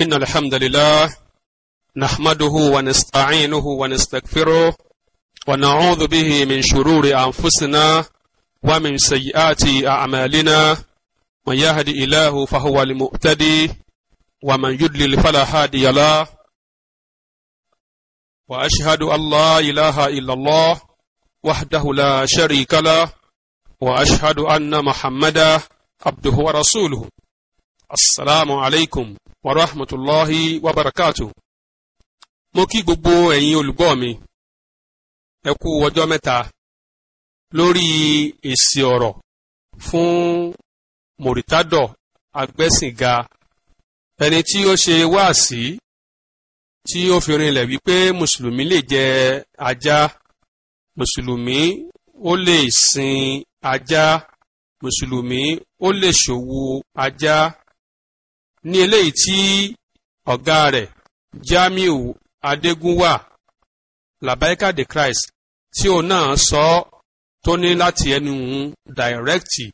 إن الحمد لله نحمده ونستعينه ونستغفره ونعوذ به من شرور أنفسنا ومن سيئات أعمالنا من يهد إله فهو المؤتدي ومن يدلل فلا هادي له وأشهد أن لا إله إلا الله وحده لا شريك له وأشهد أن محمدا عبده ورسوله asalaamu aleykum wa rahmatulahi wa barakatu. mo kí gbogbo ẹ̀yin olùgbọ́ mi ẹ kú ọjọ́ mẹ́ta lórí èsì ọ̀rọ̀ fún mòrítádọ̀ agbẹ́sìnga ẹni tí ó ṣe wáàsí tí ó fi rinlẹ̀ wípé mùsùlùmí lè jẹ ajá mùsùlùmí ó lè sin ajá mùsùlùmí ó lè ṣòwò ajá ní eléyìí tí ọ̀gá rẹ̀ Jamiu Adégúnwà Labaika de Christ tí òun náà sọ tó ní láti ẹnu dàírẹ́kìtì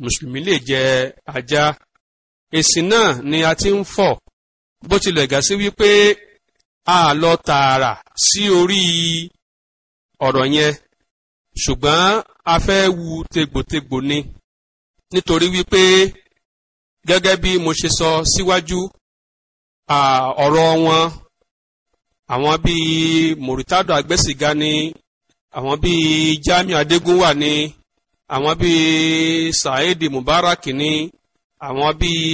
mùsùlùmí lè jẹ ajá èsì náà ni a ti ń fọ̀ bó tilẹ̀ gà sí wípé a lọ tààrà sí orí ọ̀rọ̀ yẹn ṣùgbọ́n a fẹ́ wu tegbòtegbò ni nítorí wípé gẹ́gẹ́ bí mo ṣe sọ síwájú ọ̀rọ̀ wọn àwọn bíi mòrítádọ̀ àgbẹ̀sìgá ni àwọn bíi jamiu adégúnwà ni àwọn bíi saheed mubarak ni àwọn bíi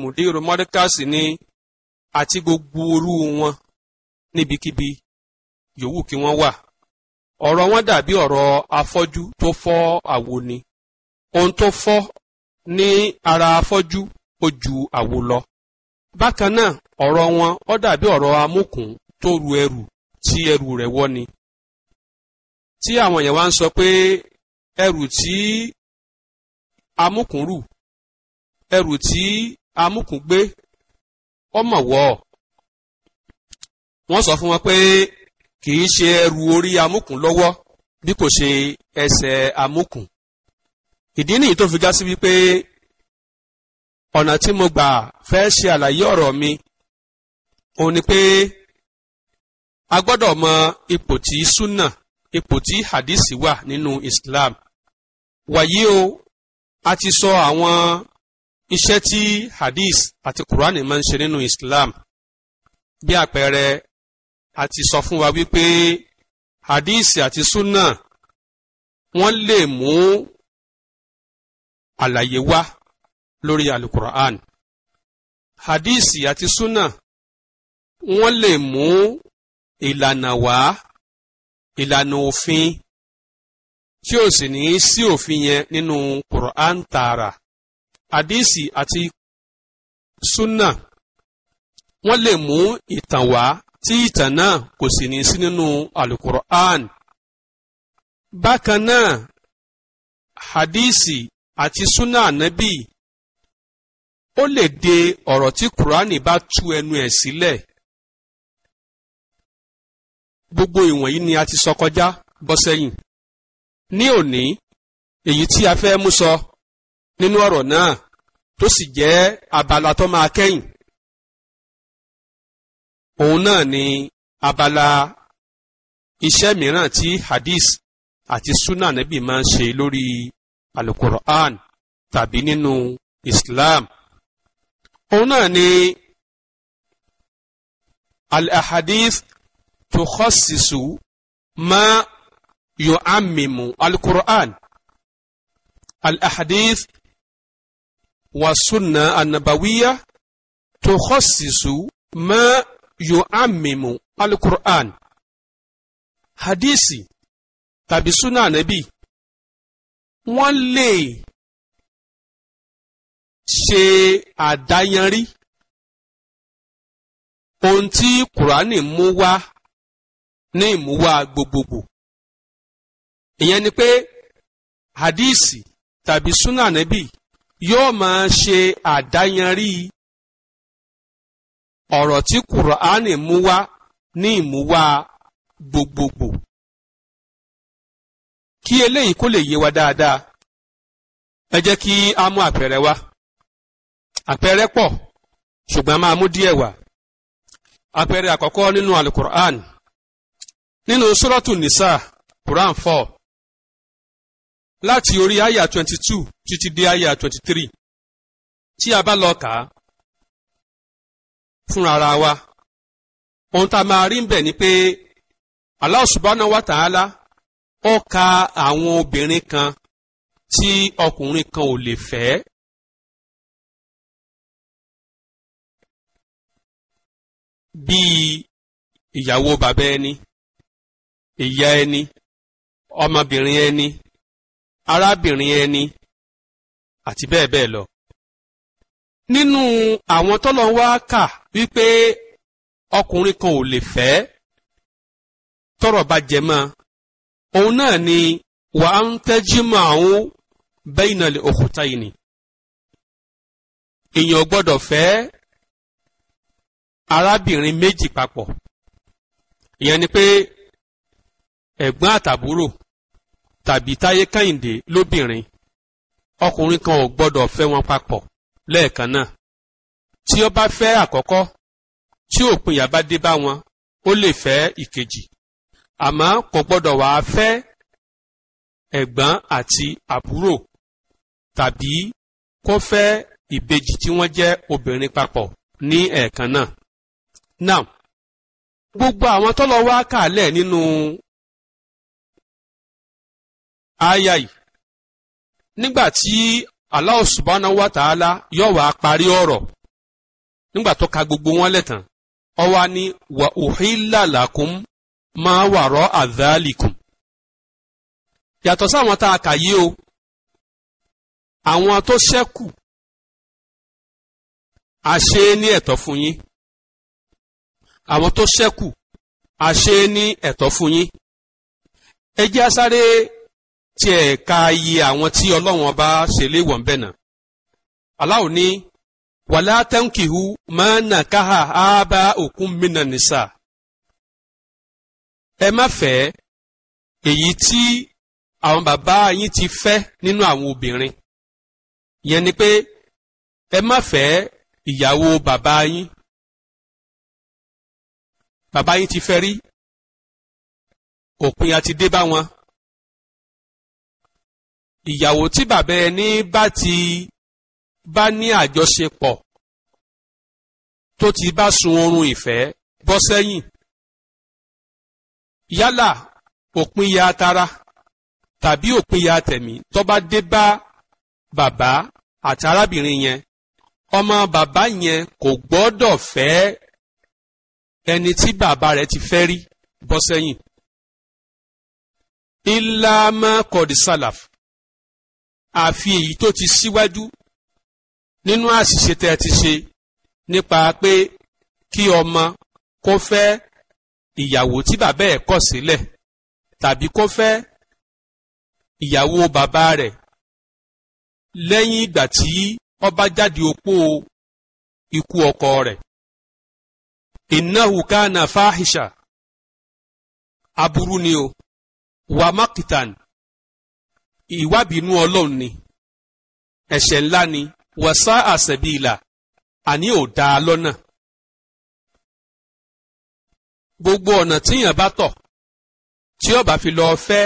mudiru mọ́dẹ́kàsì ni àti gbogbo orú wọn níbikíbi yòówù kí wọ́n wà ọ̀rọ̀ wọn dàbí ọ̀rọ̀ afọ́jú tó fọ́ àwo ni ohun tó fọ́ ní ara afọ́jú ó ju àwo lọ. bákan náà ọ̀rọ̀ wọn ó dàbí ọ̀rọ̀ amúkùn tó ru ẹrù tí ẹrù rẹ̀ wọ́ ni. tí àwọn èèyàn wá ń sọ pé ẹrù tí amúkùn rù ẹrù tí amúkùn gbé ọmọ wọ̀ ọ́ wọ́n sọ fún wọn pé kì í ṣe ẹrù orí amúkùn lọ́wọ́ bí kò ṣe ẹsẹ̀ amúkùn ìdí nìyí tó fi já sí wípé ọ̀nà tí mo gbà fẹ́ ṣe àlàyé ọ̀rọ̀ mi òun ni pé a gbọ́dọ̀ mọ ipò tí súnà ipò tí hadisi wà nínú Islam wàyí o a ti sọ àwọn iṣẹ́ tí hadis àti Kùránì máa ń ṣe nínú Islam bí àpẹẹrẹ a ti sọ fún wa wípé hadisi àti súnà wọ́n lè mú àlàyé wá lórí alukur'an hadisi àti sunna wọ́n lè mú ìlànà wá ìlànà òfin tí ò sì ní sí òfin yẹn nínú quran tààrà hadisi àti suna wọ́n lè mú ìtàn wá tí ìtàn náà kò sì ní sí nínú alukur'an bákan náà hadisi àti súnà ànábì ó lè de ọ̀rọ̀ tí kùránì bá tú ẹnu ẹ̀ sílẹ̀ gbogbo ìwọ̀nyí ni a ti sọ kọjá bọ́ sẹ́yìn ní òní èyí tí a fẹ́ mú sọ nínú ọ̀rọ̀ náà tó sì jẹ́ abala tó máa kẹ́yìn òun náà ni abala iṣẹ́ mìíràn tí hadith àti sunna nabi máa ń ṣe lórí alukur'an tàbí nínú islam òun náà ni al-ahadith tukhassisu ma yu'ammimu alukur'an al-ahadith wa sunna annabawiya tukhassisu ma yu'ammimu alukur'an hadisi tàbí sunna anabi wọ́n lè ṣe àdáyanrí ohun tí kùránì mú wá ní ìmúwá gbogbogbò ìyẹn ni pé hadísì tàbí súnà nẹ́bì yóò máa ṣe àdáyanrí ọ̀rọ̀ tí kùránì mú wá ní ìmúwá gbogbogbò. kí eléyìí kó lè yé wa dáadáa ẹ jẹ́ kí a mú àpẹẹrẹ wá àpẹẹrẹ pọ̀ ṣùgbọ́n máa mú díẹ̀ wá àpẹẹrẹ àkọ́kọ́ nínú alukur'an nínú sọ́rọ́tù nìsà quran 4 láti orí àyà 22 títí dé àyà twenty tí a bá lọ kà á fúnra ara wa ohun tá a máa rí ń bẹ̀ ni wa ta'ala ó ka àwọn obìnrin kan tí ọkùnrin kan ò lè fẹ́. bíi ìyàwó bàbá ẹni ìyá ẹni ọmọbìnrin ẹni arábìnrin ẹni àti bẹ́ẹ̀ bẹ́ẹ̀ lọ. nínú àwọn tọ́lọ̀ wá kà wípé ọkùnrin kan ò lè fẹ́ tọ́rọ̀ bá jẹ mọ́ òun náà ni wà á ń tẹ́jú máa ń bẹ́yìn náà lè òkúta yìí ni èèyàn gbọ́dọ̀ fẹ́ arábìnrin méjì papọ̀ ìyẹn ni pé ẹ̀gbọ́n àtàbúrò tàbí táyé kẹ́hìndé lóbìnrin ọkùnrin kan ò gbọ́dọ̀ fẹ́ wọn papọ̀ lẹ́ẹ̀kan náà tí ó bá fẹ́ àkọ́kọ́ tí òpin yà dé bá wọn ó lè fẹ́ ìkejì àmọ́ kò gbọ́dọ̀ wá fẹ́ ẹ̀gbọ́n àti àbúrò tàbí kó fẹ́ ìbejì tí wọ́n jẹ́ obìnrin papọ̀ ní ẹ̀ẹ̀kan náà. now gbogbo àwọn tọ́lọ wá kàálẹ̀ nínú àyà yìí nígbà tí yóò wá parí ọ̀rọ̀ nígbà ka gbogbo wọn ni máa wàrọ́ àdáàlìkùn yàtọ̀ sáwọn tá a kà yí o àwọn tó ṣẹ́kù a ṣe ní ẹ̀tọ́ fún yín asáré ka iye àwọn tí ọlọ́run ọba ṣe léwọ̀ ń bẹ̀ aláwo ní wàlá tẹ́ǹkìhù máa nà káhà ábá òkun mìíràn ẹ má fẹ́ èyí tí àwọn bàbá yín ti fẹ́ nínú àwọn obìnrin ìyẹn ni pé ẹ má fẹ́ ìyàwó bàbá yín bàbá yín ti fẹ́ rí òpin àti dé bá wọn ìyàwó tí bàbá ẹni bá ti bá ní àjọṣepọ̀ tó ti bá sun oorun ìfẹ́ bọ́ sẹ́yìn yálà òpinya tara tàbí òpinya tẹ̀mí tó bá dé bá bàbá àti arábìnrin yẹn ọmọ bàbá yẹn kò gbọ́dọ̀ fẹ́ ẹni tí bàbá rẹ̀ ti fẹ́ rí bọ́ sẹ́yìn. ìlàmà kọ̀dí sálàf àfi èyí tó ti síwájú nínú àṣìṣe tẹ́ ẹ ti ṣe nípa pé kí ọmọ kó fẹ́ ìyàwó tí bàbá ẹ̀ kọ̀ sílẹ̀ tàbí kó fẹ́ ìyàwó bàbá rẹ̀ lẹ́yìn ìgbà tí ó bá jáde opó ikú ọkọ rẹ̀. iná innahu kana fahisha aburú ni o wà mákìtàn ìwábìínú ọlọ́run ni ẹ̀ṣẹ̀ ńlá ni wàsá àṣẹ̀bí ìlà àní ò dáa lọ́nà. gbogbo ọ̀nà tíyàn bá tọ̀ tí ó bá fi lọ fẹ́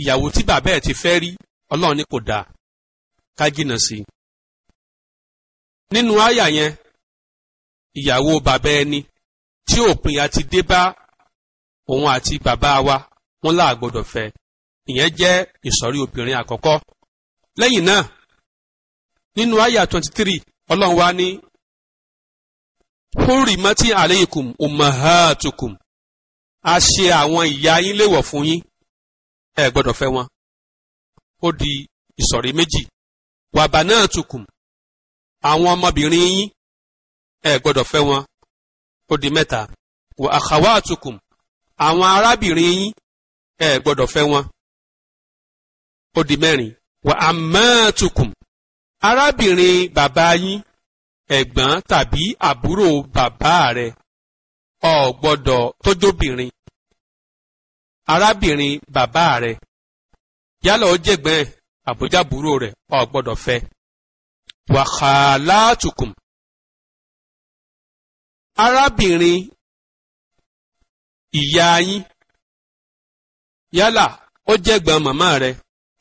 ìyàwó tí bàbá ẹ̀ ti fẹ́ rí ọlọ́run ní kò dáa ká jìnnà sí i. nínú àyà yẹn ìyàwó bàbá ẹni tí òpin àti dé bá òun àti bàbá wa wọn là gbọ́dọ̀ fẹ́ ìyẹn jẹ́ ìsọ̀rí obìnrin àkọ́kọ́ lẹ́yìn náà nínú àyà twenty three ọlọ́run wa ní hurimati aleikum umahatukum a ṣe àwọn ìyá yín léwọ̀ fún yín ẹ gbọ́dọ̀ fẹ́ wọn ó di ìsọ̀rí méjì wabanatukum àwọn ọmọbìnrin yín ẹ gbọ́dọ̀ fẹ́ wọn ó di mẹ́ta wa akhawatukum àwọn arábìnrin yín ẹ gbọ́dọ̀ fẹ́ wọn ó di mẹ́rin wa ammatukum arábìnrin bàbá yín ẹ̀gbọ́n tàbí àbúrò bàbá rẹ̀ ò gbọ́dọ̀ tójóbìnrin arábìnrin bàbá rẹ̀ yálà ó jẹ̀gbọ́n àbójábúrò rẹ̀ ò gbọ́dọ̀ fẹ́ wàhálàtùkùm arábìnrin ìyá yín yálà ó jẹ̀gbọ́n màmá rẹ̀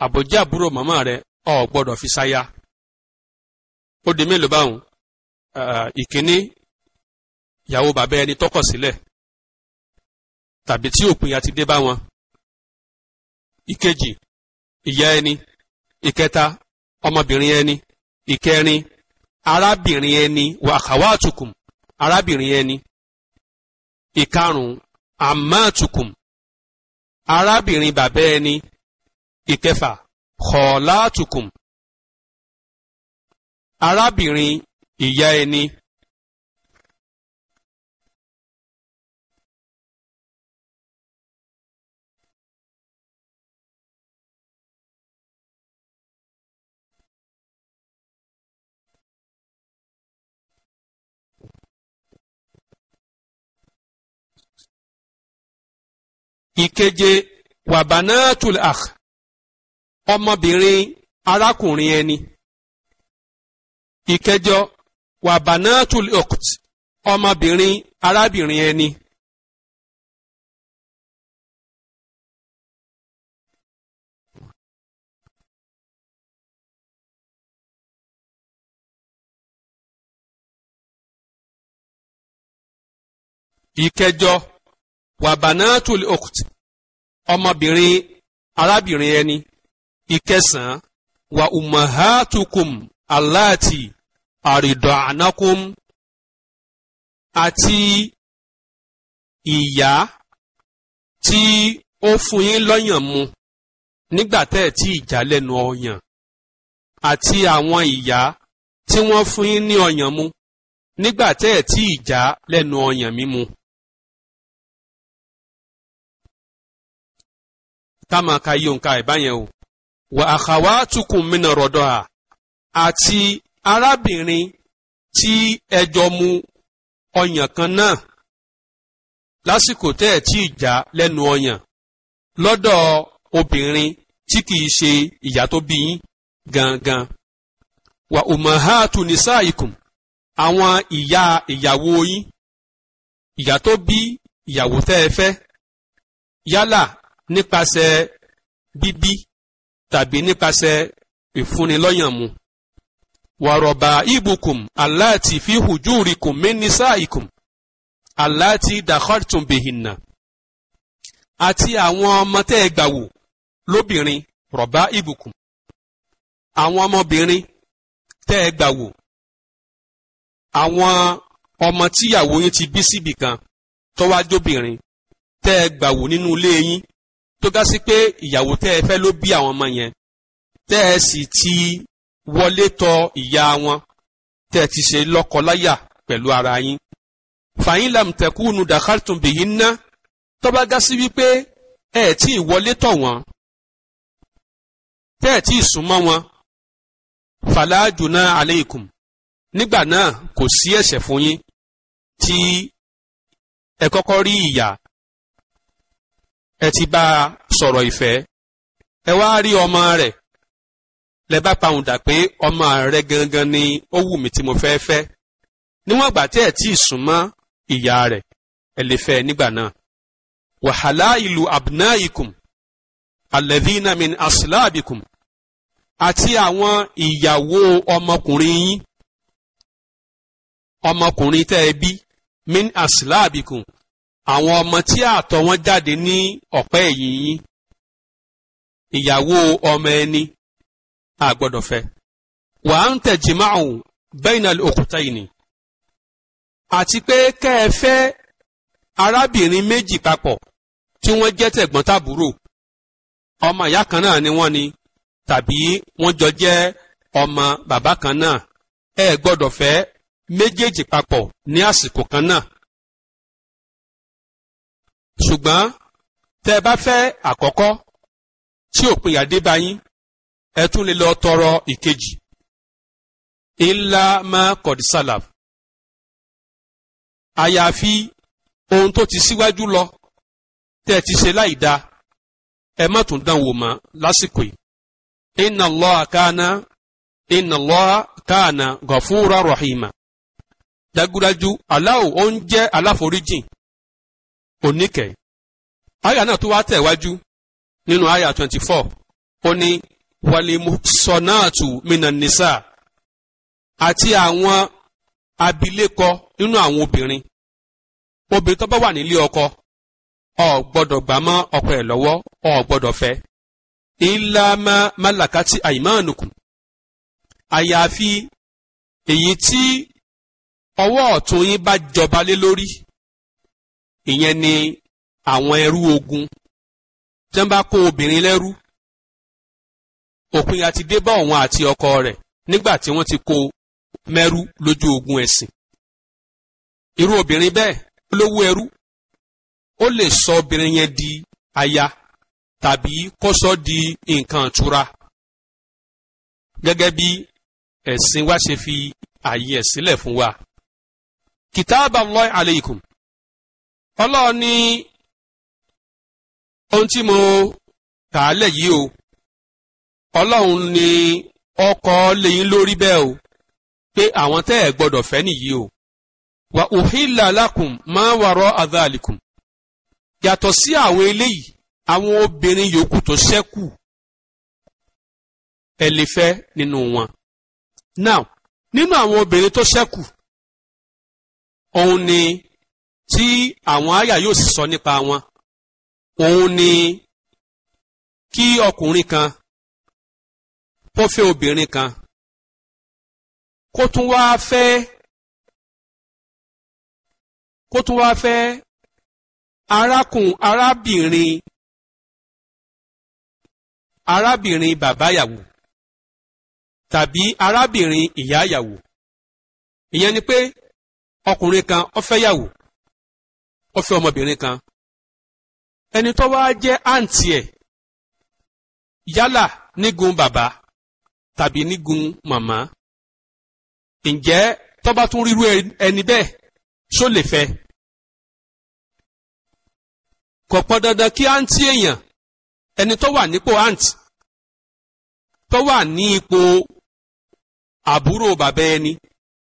àbójábúrò màmá rẹ̀ ò gbọ́dọ̀ fi sáyà ó di mélòó báwọn ìkíní ìyàwó bàbá ẹni tọkọ sílẹ̀ tàbí tí òpin àti dé bá wọn ìkejì ìyá ẹni ìkẹta ọmọbìnrin ẹni ìkẹrin arábìnrin ẹni wàkàwàtùkùm arábìnrin ẹni ìkarùn àmàtùkùm arábìnrin bàbá ẹni ìkẹfà kọ̀ọ̀látùkùm arábìnrin ìyá ẹni. ìkeje wabanatul akh ọmọbìnrin arákùnrin ẹni ìkẹjọ wà banatul uqt ọmọbìnrin arábìnrin ẹni. ìkẹjọ wà banatul uqt ọmọbìnrin arábìnrin ẹni ìkẹsàn-án wà umahatukum aláàtì àrìdọ̀ ànákùm àti ìyá tí ó fún yín lọ́yàn mu nígbà tẹ́ ẹ̀ tí ìjà lẹ́nu ọyàn àti àwọn ìyá tí wọ́n fún yín ní ọyàn mu nígbà tẹ́ ẹ̀ tí ìjà lẹ́nu ọyàn mímu. táwọn aka yíyó ìbáyẹn o wà àkàwà tukùn mí nà rọ̀dọ̀ à àti arábìnrin tí ẹjọ́ mu ọyàn kan náà lásìkò tẹ́ ẹ̀ tí ìjà lẹ́nu ọyàn lọ́dọ̀ obìnrin tí kìí ṣe ìyá tó bí yín gangan wa umahatu nisaikum àwọn ìyá ìyàwó yín ìyá tó bí ìyàwó tẹ́ ẹ fẹ́ yálà nípasẹ̀ bíbí tàbí nípasẹ̀ ìfúnnilọ́yàn mu wàrọ̀bà ibùkùn aláàtì fi hùjúrìkùn mínísà ìkùn aláàtì dàkọ́tùn bìhìnà àti àwọn ọmọ tẹ́ ẹ gbà wò lóbìnrin rọ̀bà ibùkùn àwọn ọmọbìnrin tẹ́ ẹ gbà wò àwọn ọmọ tíyàwó yín ti bí síbì kan tọ́wájóbìnrin tẹ́ ẹ gbà nínú ilé yín tó gá sí pé ìyàwó tẹ́ ẹ fẹ́ ló bí àwọn ọmọ yẹn tẹ́ ẹ sì ti wọlé tọ ìyá wọn tẹ́ ti ṣe lọ́kọláya pẹ̀lú ara yín fàyín lamtẹkùnù dàkàtún bìyín ná tọ́ba gá sí wípé ẹ tí ì wọlé tọ̀ wọ́n tẹ́ ẹ̀ tí ì súnmọ́ wọn fàlàjùnà aleikum nígbà náà kò sí ẹ̀ṣẹ̀ fún yín tí ẹ kọ́kọ́ rí ìyá ẹ ti bá a sọ̀rọ̀ ìfẹ́ ẹ wá rí ọmọ rẹ̀ lẹ bá pahùn dà pé ọmọ rẹ gangan ni ó wù mí tí mo fẹ́ fẹ́ níwọ̀n ìgbà tí ẹ̀ tí ì sùn mọ́ ìyá rẹ̀ ẹ lè fẹ́ nígbà náà wàhálà ìlú abnaikum alẹ́dínà min àti àwọn ìyàwó ọmọkùnrin yín ọmọkùnrin tẹ́ ẹ bí min asiláàbìkùm àwọn ọmọ tí àtọ̀ wọn jáde ní ọ̀pẹ́ ẹ̀yìn yín ìyàwó ọmọ ẹni a gbọ́dọ̀ fẹ́ wà á ń tẹ̀jì máàrún bẹ́ẹ̀nà òkúta ìní àti pé kẹ́ ẹ fẹ́ arábìnrin méjì papọ̀ tí wọ́n jẹ́ tẹ̀gbọ́n-tàbúrò ọmọ ìyá kan náà ni wọ́n ni tàbí wọ́n jọ jẹ́ ọmọ bàbá kan náà ẹ gbọ́dọ̀ fẹ́ méjèèjì papọ̀ ní àsìkò kan náà ṣùgbọ́n tẹ́ ẹ bá fẹ́ àkọ́kọ́ tí òpin àdébáyín ẹ tún lè lọ tọrọ ìkejì ilá má kọ̀dísàlàf àyàfi ohun tó ti síwájú lọ tẹ́ ti ṣe láì da ẹ má tún dán wò mọ́ lásìkò yìí inna Allaha kana inna Allaha rahima dagudaju aláwo ó ń jẹ́ aláforíjìn oníkẹ́ àyà náà tó wá tẹ̀ wájú nínú àyà twenty four ó ní. walimusonaatu minanisa àti àwọn abilékọ nínú àwọn obìnrin obìnrin tó bá wà nílé ọkọ ọ gbọ́dọ̀ gbà mọ́ ọkọ ẹ̀ lọ́wọ́ ọ gbọ́dọ̀ fẹ́ ìlàmà malakati àìmánukùn àyàfi èyí tí ọwọ́ ọ̀tún yín bá jọba lé lórí ìyẹn ni àwọn ẹrú ogun tí wọ́n bá kó obìnrin lẹ́rú òpin àti dé bá òun àti ọkọ rẹ̀ nígbà tí wọ́n ti kó mẹ́rú lójú ogun ẹ̀sìn. irú obìnrin bẹ́ẹ̀ olówó ẹrú ó lè sọ obìnrin yẹn di aya tàbí kó di nǹkan ìtura gẹ́gẹ́ bí ẹ̀sìn wa ṣe fi ààyè ẹ̀ sílẹ̀ fún wa. kìtàbà Allahi alaykum ọlọ́ọ̀ ní ohun tí mo kà á lẹ̀ yìí o ọlọ́run ni ọkọ̀ lẹ́yìn lórí bẹ́ẹ̀ o pé àwọn tẹ́ ẹ̀ gbọ́dọ̀ fẹ́ nìyí o wà òhìlà alákùn máa wàrọ̀ àdáàlìkùn yàtọ̀ sí àwọn eléyìí àwọn obìnrin yòókù tó ṣẹ́kù ẹ lè fẹ́ nínú wọn now nínú àwọn obìnrin tó ṣẹ́kù òun ni tí àwọn àyà yóò sì sọ nípa wọn òun ni kí ọkùnrin kan kó fẹ́ obìnrin kan kó tún wá fẹ́ kó tún wá fẹ́ arákùn arábìnrin arábìnrin bàbá yàwó tàbí arábìnrin ìyá yàwó ìyẹn ni pé ọkùnrin kan ó fẹ́ yàwó ó fẹ́ ọmọbìnrin kan ẹni tó wá jẹ́ àǹtí ẹ̀ yálà nígun bàbá tàbí nígun màmá ǹjẹ́ tó bá tún rírú ẹni bẹ́ẹ̀ ṣó lè fẹ́ kò pọn dandan kí àǹtí èèyàn ẹni tó wà nípò àǹtí tó wà ní ipò àbúrò bàbá ẹni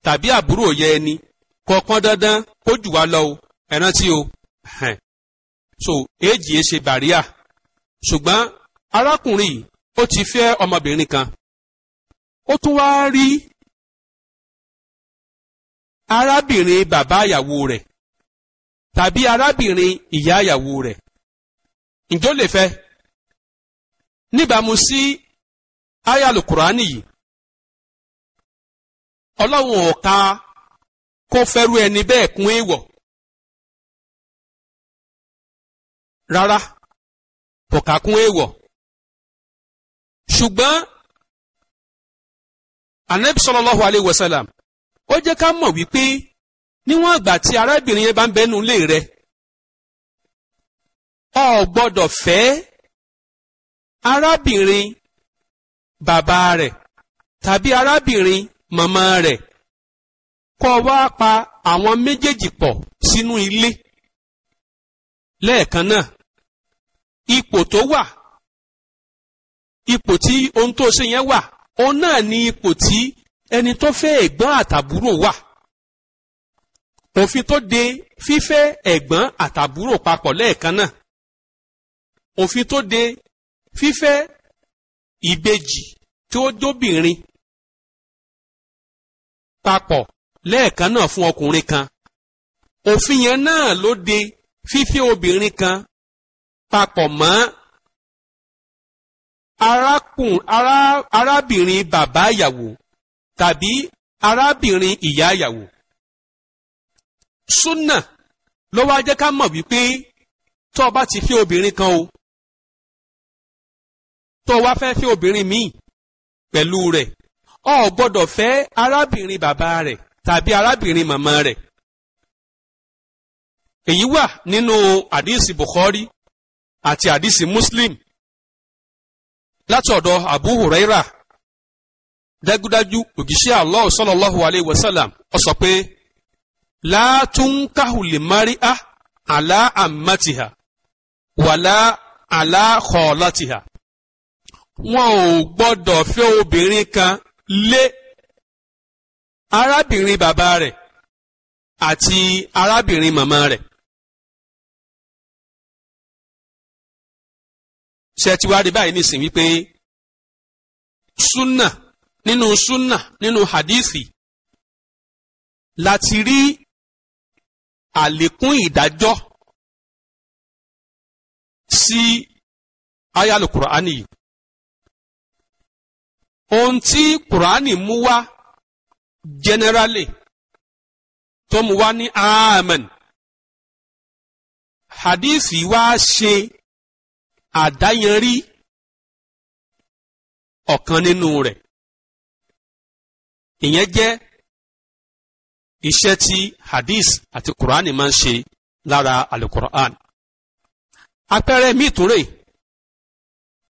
tàbí àbúrò yẹ ẹni kò pọn dandan kó jù wá lọ o ẹ rántí o so èjì ẹ ṣe bàríà ṣùgbọ́n arákùnrin yìí ó ti fẹ́ ọmọbìnrin kan ó tún wá rí arábìnrin bàbá ìyàwó rẹ̀ tàbí arábìnrin ìyá ìyàwó rẹ̀ ǹjọ́ lè fẹ́ níbàámu sí ayalu kùránì yìí ọlọ́run ò kó fẹ́rú ẹni bẹ́ẹ̀ kún èèwọ̀ rárá kò kún èèwọ̀ ṣùgbọ́n anabi sallallahu alayhi wa sallam ó jẹ́ ká mọ̀ wípé níwọ̀n ìgbà tí arábìnrin yẹn bá ń bẹ́nu ilé rẹ̀ ọ gbọ́dọ̀ fẹ́ arábìnrin bàbá rẹ̀ tàbí arábìnrin màmá rẹ̀ kọ́ wá pa àwọn méjèèjì pọ̀ sínú ilé lẹ́ẹ̀kan náà ipò tó wà ipò tí ohun tó ṣe yẹn wà òun náà ní ipò tí ẹni tó fẹ́ ẹ̀gbọ́n àtàbúrò wà òfin tó de fífẹ́ ẹ̀gbọ́n àtàbúrò papọ̀ lẹ́ẹ̀kan náà òfin tó de fífẹ́ ìbejì tí ó jóbìnrin papọ̀ lẹ́ẹ̀kan náà fún ọkùnrin kan òfin yẹn náà ló de fífẹ́ obìnrin kan papọ̀ mọ́ arákùn ará arábìnrin bàbá ìyàwó tàbí arábìnrin ìyá ìyàwó. súnà ló wá jẹ́ ká mọ̀ wípé tó o bá ti fi obìnrin kan o tó o wá fẹ́ fi obìnrin míì pẹ̀lú rẹ̀ o ò gbọ́dọ̀ arábìnrin bàbá rẹ̀ tàbí arábìnrin màmá rẹ̀. èyí wà nínú àdìsí Bukhari àti àdìsí Muslim láti ọ̀dọ̀ Abu Huraira dájúdájú òjíṣẹ́ Allah sallallahu alayhi wa sallam ó sọ pé látúnkàhùlì mari'a àlá àmàtìhà wàlá àlá kọ̀ọ̀látìhà wọn ò gbọ́dọ̀ fẹ́ obìnrin kan lé arábìnrin bàbá rẹ̀ àti arábìnrin màmá rẹ̀ ṣe ti wá rí báyìí nísìnyí wípé súnà nínú súnà nínú hadithi láti rí àlékún ìdájọ́ sí ayalu Qur'ani yìí ohun tí Qur'ani mú wá generally tó mú wá ní amen hadithi wá ṣe àdáyanrí ọ̀kan nínú rẹ̀ ìyẹn jẹ́ iṣẹ́ tí hadith àti Qur'an máa ń ṣe lára alukur'an. apẹẹrẹ míì tún